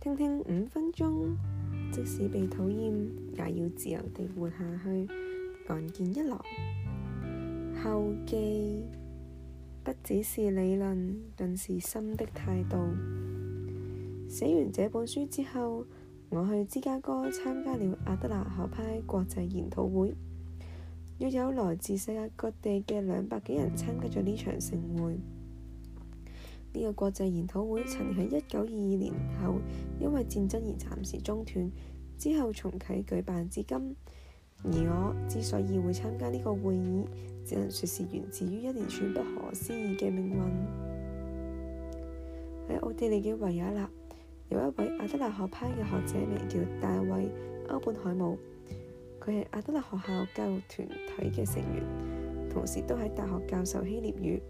聽聽五分鐘，即使被討厭，也要自由地活下去。岸見一郎，後記不只是理論，更是心的態度。寫完這本書之後，我去芝加哥參加了阿德勒學派國際研討會，約有來自世界各地嘅兩百幾人參加咗呢場盛會。呢個國際研討會曾喺一九二二年後因為戰爭而暫時中斷，之後重啟舉辦至今。而我之所以會參加呢個會議，只能説是源自於一連串不可思議嘅命運。喺奧地利嘅維也納，有一位阿德勒學派嘅學者，名叫大衛歐本海姆。佢係阿德勒學校教育團體嘅成員，同時都喺大學教授希臘語。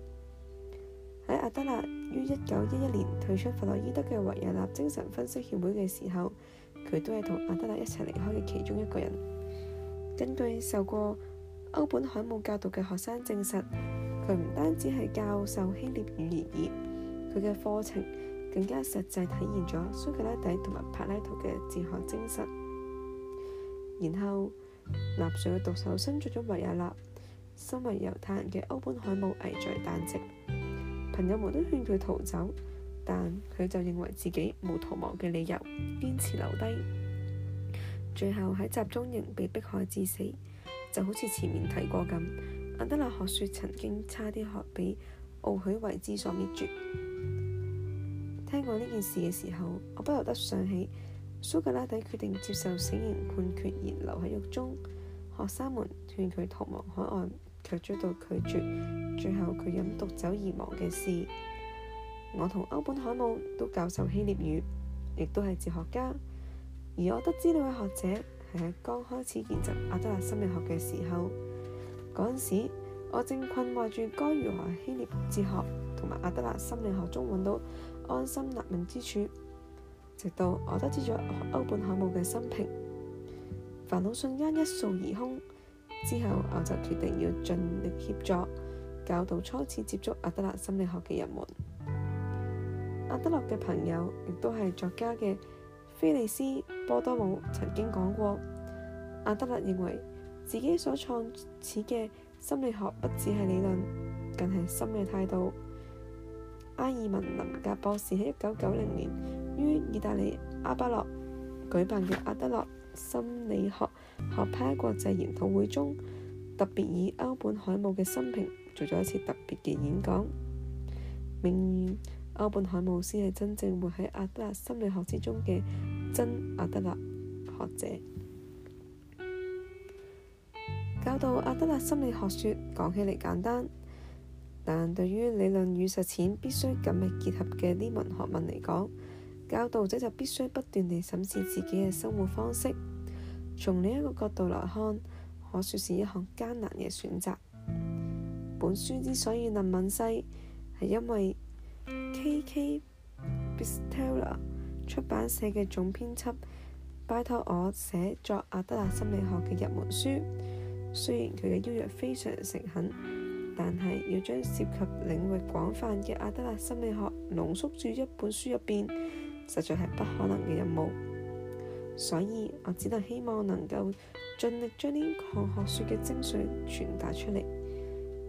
喺阿德勒，於一九一一年退出弗洛伊德嘅維也納精神分析協會嘅時候，佢都係同阿德勒一齊離開嘅其中一個人。根據受過歐本海姆教導嘅學生證實，佢唔單止係教授希臘語言而已，佢嘅課程更加實際體現咗蘇格拉底同埋柏拉圖嘅哲學精神。然後納粹嘅毒手伸出咗維也納，身為猶太人嘅歐本海姆危在旦夕。朋友們都勸佢逃走，但佢就認為自己冇逃亡嘅理由，堅持留低。最後喺集中營被迫害致死。就好似前面提過咁，阿德勒學說曾經差啲學俾奧許維茲所滅絕。聽講呢件事嘅時候，我不由得想起蘇格拉底決定接受死刑判決而留喺獄中，學生們勸佢逃亡海岸。卻遭到拒絕，最後佢飲毒酒而亡嘅事。我同歐本海姆都教授希臘語，亦都係哲學家。而我得知呢位學者係喺剛開始研習阿德勒心理學嘅時候，嗰陣時我正困惑住該如何喺希臘哲學同埋阿德勒心理學中揾到安心立命之處。直到我得知咗歐本海姆嘅生平，煩惱瞬間一掃而空。之後，我就決定要盡力協助教導初次接觸阿德勒心理學嘅人們。阿德勒嘅朋友，亦都係作家嘅菲利斯·波多姆曾經講過，阿德勒認為自己所創始嘅心理學不只係理論，更係心理態度。阿爾文·林格博士喺一九九零年於意大利阿巴洛舉辦嘅阿德勒心理學學派國際研討會中，特別以歐本海姆嘅生平做咗一次特別嘅演講。明遠，歐本海姆先係真正活喺阿德勒心理學之中嘅真阿德勒學者。教導阿德勒心理學說，講起嚟簡單，但對於理論與實踐必須緊密結合嘅呢門學問嚟講，教導者就必須不斷地審視自己嘅生活方式。從另一個角度來看，可說是一項艱難嘅選擇。本書之所以能問、問世，係因為 K.K.Bistella 出版社嘅總編輯拜託我寫作阿德勒心理學嘅入門書。雖然佢嘅邀約非常誠懇，但係要將涉及領域廣泛嘅阿德勒心理學濃縮住一本書入面，實在係不可能嘅任務，所以我只能希望能夠盡力將呢項學説嘅精髓傳達出嚟，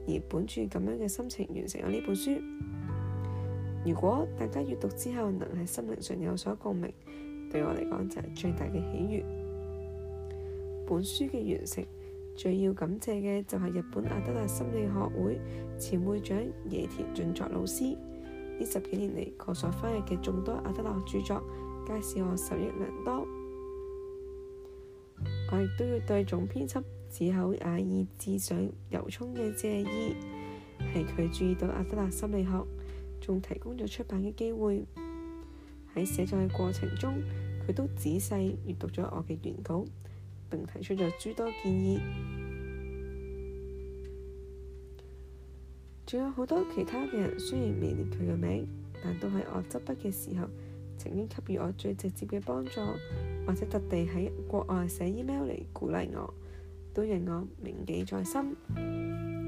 而本著咁樣嘅心情完成咗呢本書。如果大家閲讀之後能喺心靈上有所共鳴，對我嚟講就係最大嘅喜悦。本書嘅完成最要感謝嘅就係日本阿德勒心理學會前會長野田俊作老師。呢十幾年嚟，我所翻譯嘅眾多阿德勒著作，皆使我受益良多。我亦都要對總編輯字口雅意，致上由衷嘅謝意，係佢注意到阿德勒心理學，仲提供咗出版嘅機會。喺寫作嘅過程中，佢都仔細閱讀咗我嘅原稿，並提出咗諸多建議。仲有好多其他嘅人，雖然未列佢個名，但都喺我執筆嘅時候，曾經給予我最直接嘅幫助，或者特地喺國外寫 email 嚟鼓勵我，都讓我銘記在心。